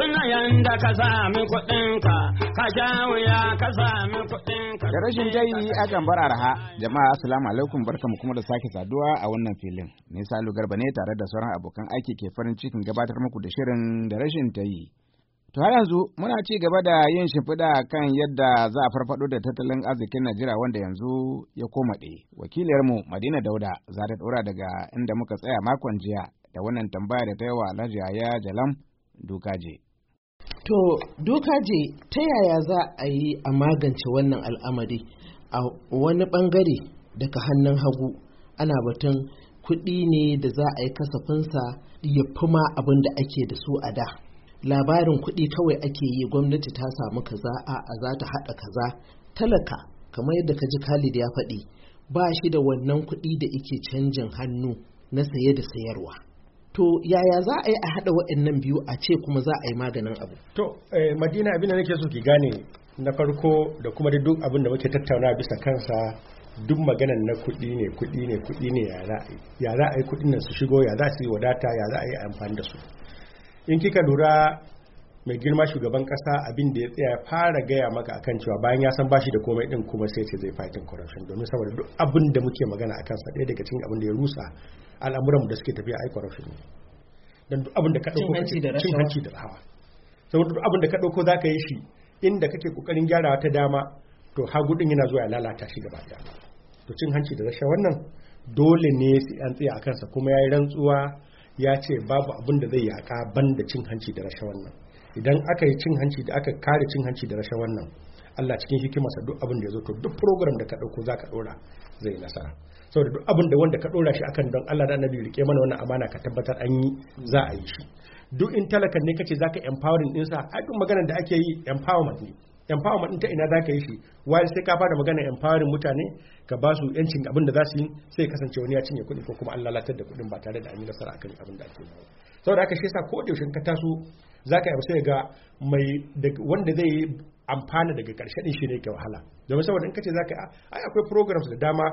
Tuna yanda ka sami kuɗinka, ka ja wuya ka sami kuɗinka. Da rashin jayi bar arha, jama'a assalamu alaikum barkamu kuma da sake saduwa a wannan filin. Ni Salu Garba ne tare da sauran abokan aiki ke farin cikin gabatar muku da shirin da rashin tayi. To har yanzu muna ci gaba da yin shimfiɗa kan yadda za a farfaɗo da tattalin arzikin Najeriya wanda yanzu ya koma ɗaya. Wakiliyarmu Madina Dauda za ta ɗora daga inda muka tsaya makon jiya da wannan tambaya da ta yawa Alhaji Yaya Jalam Dukaje. To, doka je ta yaya za a yi a magance wannan al'amari a wani bangare daga hannun hagu ana batun kuɗi ne da za a yi kasafinsa ya fi ma abin da ake da su a da. Labarin kuɗi kawai ake yi gwamnati ta samu kaza a a za ta haɗa kaza. Talaka, kamar yadda ka ji Khalid ya faɗi, ba shi da wannan kuɗi da ike canjin hannu na saye da sayarwa. to yaya za a yi a haɗa waɗannan biyu a ce kuma za a yi maganin abu to eh, madina abin da nake so ki gane na farko da kuma duk abin da muke tattauna bisa kansa duk maganan na kuɗi ne kuɗi ne kuɗi ne ya za a yi kuɗin nan su shigo ya za su yi wadata ya za a yi amfani da su in kika lura mai girma shugaban kasa abin da ya tsaya fara gaya maka akan cewa bayan ya san bashi da komai din kuma sai ce zai fighting corruption domin saboda duk abin da muke magana akan sa ɗaya daga cikin abin da ya rusa al'amuran mu da suke tafiya ai corruption ne dan duk abin da ka dauko cin hanci da rahawa. saboda duk abin da ka dauko zaka yi shi inda kake kokarin gyarawa ta dama to hagudin yana zuwa ya lalata shi gaba daya to cin hanci da rashawa wannan dole ne sai an tsaya akan sa kuma yayi rantsuwa ya ce babu abin da zai yaka banda cin hanci da rashawa wannan idan aka yi cin hanci da aka kare cin hanci da rashe wannan Allah cikin hikimarsa duk abin da ya zo to duk program da ka dauko za ka ɗora zai nasara saboda duk abin da wanda ka dora shi akan don Allah da annabi rike mana wannan amana ka tabbatar an yi za a yi shi duk in talakan ne kace zaka empowering din sa, duk maganar da ake yi empowerment ne empowerment ta ina zaka yi shi wai sai ka fara magana empowering mutane ka ba su yancin abin da za su yi sai kasance wani ya cinye kuɗi ko kuma an latar da kuɗin ba tare da an yi nasara akan abin da ake yi saboda aka shi sa ko da ka taso zaka yi sai ga mai wanda zai amfana daga karshe din shine ke wahala domin saboda in kace zaka ai akwai programs da dama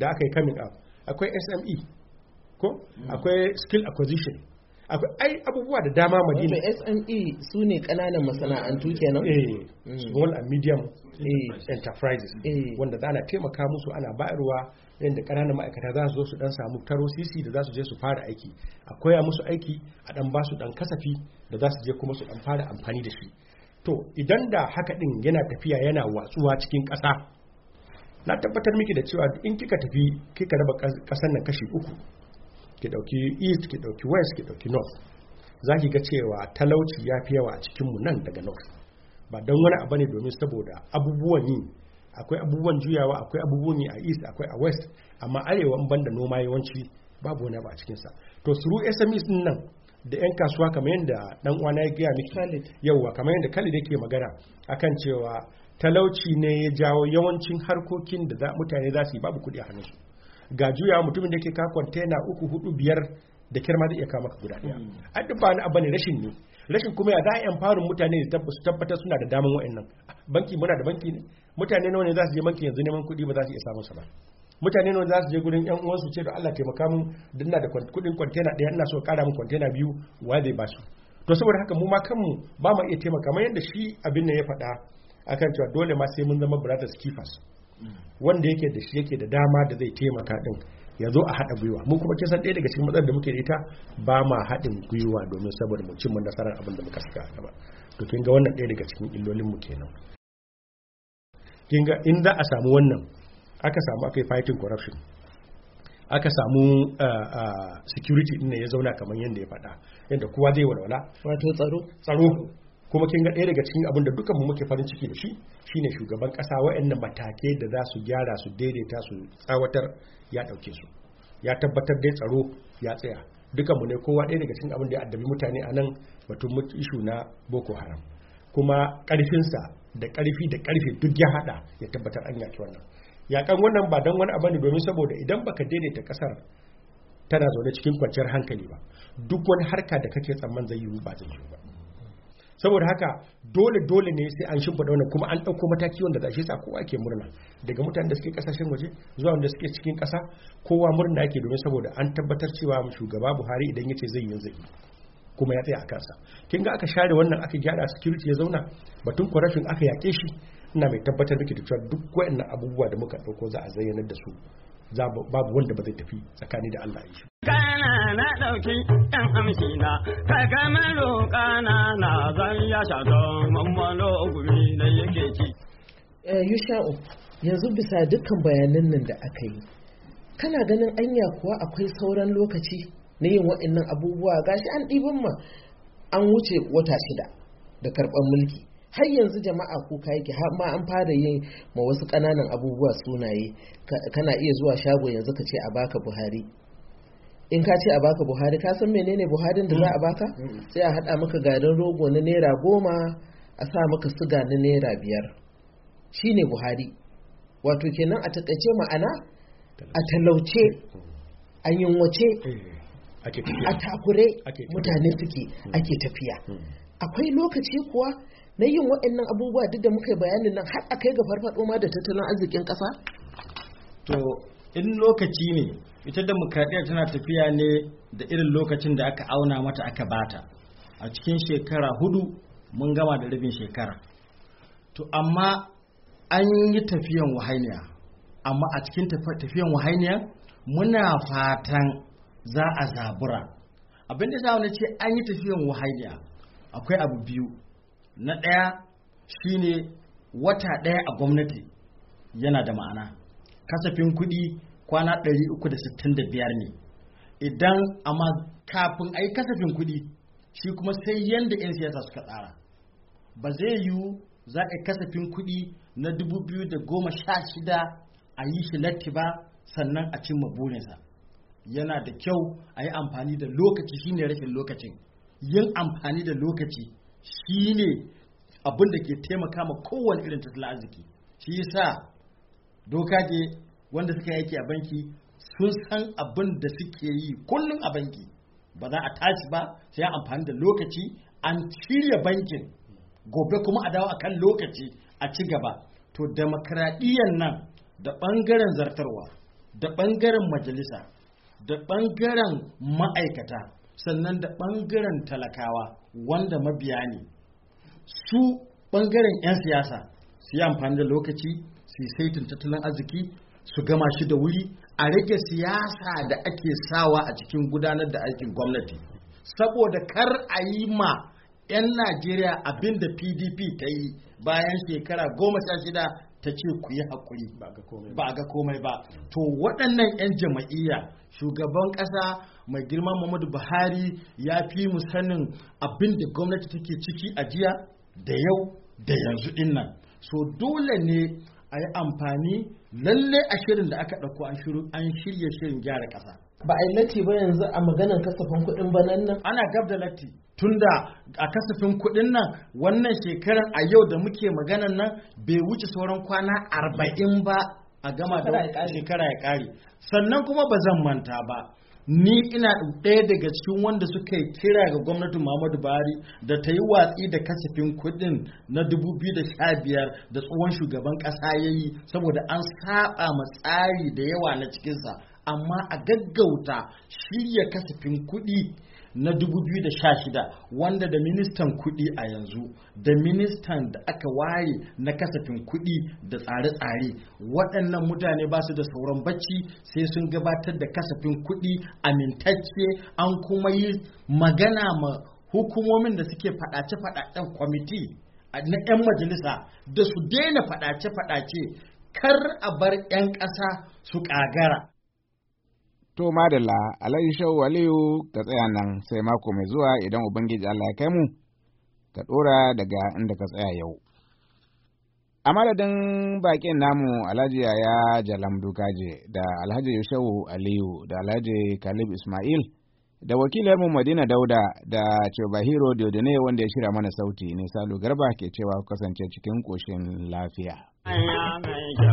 da aka yi coming up akwai SME ko mm. akwai skill acquisition akwai ai abubuwa da dama madina wato SME su ne kananan masana'antu kenan eh mm. small and medium eh. enterprises eh. wanda za a taimaka musu ana bayarwa yadda kananan ma'aikata za su zo su dan samu taro sisi da za su je su fara aiki a koya musu aiki a dan ba su dan kasafi da za su je kuma su dan fara amfani da shi to idan da haka din yana tafiya yana watsuwa cikin kasa, na tabbatar miki da cewa in kika tafi kika raba kasar nan kashi uku ki ɗauki east ki ɗauki west ki ɗauki north za ki ga cewa talauci ya fi yawa a cikinmu nan daga north ba don wani abu ne domin saboda abubuwan yi akwai abubuwan juyawa akwai abubuwan yi a east akwai a west amma arewa ban banda noma yawanci babu wani abu a cikinsa to suru sms din nan da 'yan kasuwa kamar yadda dan uwana ya gaya miki yauwa kamar yadda kalli yake magana akan cewa talauci ne ya jawo yawancin harkokin da mutane za su yi babu kuɗi a hannunsu ga juya mutumin da ke ka kwantena uku hudu biyar da kirma ma zai iya kama ka guda daya hmm. a duk ba abu ne rashin ne rashin kuma ya za yan farin mutane da su tabbatar suna da daman wa'annan banki muna da banki ne mutane nawa ne za su je banki yanzu neman kuɗi ba za su iya samun sa ba mutane nawa za su je gurin yan uwansu ce da Allah taimaka mun dan na da kuɗin kwantena ɗaya ina so ƙara mun kwantena biyu wa zai ba su to saboda haka mu ma kanmu ba mu iya taimaka kamar yadda shi abin nan ya faɗa akan cewa dole ma sai mun zama brothers keepers wanda yake da shi yake da dama da zai taimaka din ya zo a haɗa gwiwa mu kuma kisan ɗaya daga cikin matsalar da muke da ita ba ma haɗin gwiwa domin saboda mu mu nasarar abin da muka saka a gaba to kin wannan ɗaya daga cikin illolin mu kenan kin ga in za a samu wannan aka samu akai fighting corruption aka samu security din ya zauna kamar yadda ya faɗa yadda kowa zai walwala wato tsaro tsaro kuma kin ga ɗaya daga cikin abin da dukan mu muke farin ciki da shi shine shugaban ƙasa waɗannan matakai da za su gyara su daidaita su tsawatar ya ɗauke su ya tabbatar dai tsaro ya tsaya dukan mu ne kowa ɗaya daga cikin abin da ya addabi mutane a nan batun mutu na boko haram kuma ƙarfinsa da ƙarfi da ƙarfi duk ya haɗa ya tabbatar an yaki wannan yakan wannan ba don wani abu ne domin saboda idan baka daidaita ƙasar tana zaune cikin kwanciyar hankali ba duk wani harka da kake tsamman zai yiwu ba zai yi ba saboda haka dole dole ne sai an shimfiɗa wannan kuma an ɗauko mataki wanda za shi sa kowa ke murna daga mutanen da suke ƙasashen waje zuwa wanda suke cikin ƙasa kowa murna yake domin saboda an tabbatar cewa shugaba buhari idan ya ce zai yi zai kuma ya tsaya a kansa kin ga aka share wannan aka gyara security ya zauna batun corruption aka yaƙe shi ina mai tabbatar da cewa duk waɗannan abubuwa da muka ɗauko za a zayyanar da su babu wanda ba zai tafi tsakani da Allah ya shi ɗauki amshi na, kaga maro na zan ya sha don mammalo gumi na yake ci. Eh, Yusha'u, yanzu bisa dukkan bayanan nan da aka yi, kana ganin anya kuwa akwai sauran lokaci na yin waɗannan abubuwa gashi an ɗiban ma an wuce wata shida da karɓar mulki. har yanzu jama'a kuka yake har ma an fara yin ma wasu ƙananan abubuwa sunaye kana iya zuwa shago yanzu ka ce a baka buhari in ka ce a baka buhari ka san menene buharin da za a baka mm. Mm. sai a hada maka garin rogo na naira goma a sa maka siga na naira biyar shine buhari wato kenan a takaice ma'ana a talauce a yunwace eh, a takure mutane suke mm. ake tafiya akwai lokaci kuwa na yin waɗannan abubuwa duk da muka yi bayanin nan har a kai ga farfaɗo ma da tattalin arzikin ƙasa to in lokaci ne ita demokradiyya tana tafiya ne da irin lokacin da aka auna mata aka bata a cikin shekara hudu mun gama da rabin shekara to amma an yi tafiyan wahainiya amma a cikin tafiyan wahainiya muna fatan za a zabura abinda za wani ce an yi tafiyan wahainiya akwai abu biyu na ɗaya shine wata ɗaya a gwamnati yana da ma'ana kasafin kuɗi kwana 365 ne idan amma kafin a kasafin kuɗi shi kuma sai yadda 'yan siyasa suka tsara ba zai yiwu za a kasafin kuɗi na 2016 a yi shi latti ba sannan a cimma burinsa yana da kyau a yi amfani da lokaci shine rashin lokacin yin amfani da lokaci shine abin da ke taimaka ma kowane irin tattalin arziki shi yasa doka wanda suka yake a banki sun san abin da suke yi kullum a banki ba za a tashi ba sai amfani da lokaci an shirya bankin gobe kuma a dawo akan lokaci a ci gaba to demokradiyyar nan da ɓangaren zartarwa da ɓangaren majalisa da ɓangaren ma'aikata sannan da ɓangaren talakawa wanda mabiya ne su ɓangaren 'yan siyasa su yi amfani da lokaci su saitin tattalin arziki su gama shi da wuri a rage siyasa da ake sawa a cikin gudanar da aikin gwamnati saboda kar a yi ma 'yan najeriya abin da pdp ta yi bayan shekara goma sha shida ta ce ku yi haƙuri ba ga komai ba to waɗannan 'yan jama'iyya shugaban ƙasa mai girma muhammadu buhari ya fi mu sanin abin da gwamnati take ciki a jiya da yau da yanzu dinnan so dole ne a yi amfani lalle a shirin da aka ɗauko an shirya shirin gyara ƙasa. Ba a yi latti ba yanzu a maganar kasafin kuɗin ba nan? Ana gab da latti. Tunda a kasafin kuɗin nan wannan shekarar a yau da muke maganar nan bai wuce sauran kwana arba'in ba a gama da shekara ya ƙare. Sannan kuma ba zan manta ba. ni ina ɗaya daga cikin wanda suka yi kira ga gwamnatin Muhammadu Buhari da ta yi watsi da kasafin kuɗin na 2015 da tsohon shugaban ƙasa ya yi saboda an saba ma tsari da yawa na cikinsa amma a gaggauta shirya kasafin kuɗi na 2016 wanda da ministan kuɗi a yanzu da ministan da aka ware na kasafin kuɗi da tsare-tsare waɗannan mutane ba su da sauran bacci sai sun gabatar da kasafin kuɗi amintacce an kuma yi magana ma hukumomin da suke faɗace-faɗacen kwamiti na 'yan majalisa da su daina faɗace-faɗace kar a bar 'yan ƙasa su ƙagara To madalla alai shau aliyu ka tsaya nan sai mako mai zuwa idan Ubangiji Allah ya kai mu ka ɗora daga inda ka tsaya yau. A madadin baƙin namu Alhaji Yaya Jalam Dukaje da Alhaji Yushau Aliyu da Alhaji Kalib Ismail da wakilinmu Madina Dauda da Chobahiro Diodone wanda ya shirya mana sauti ne Salu Garba ke cewa kasance cikin koshin lafiya. Hanya mai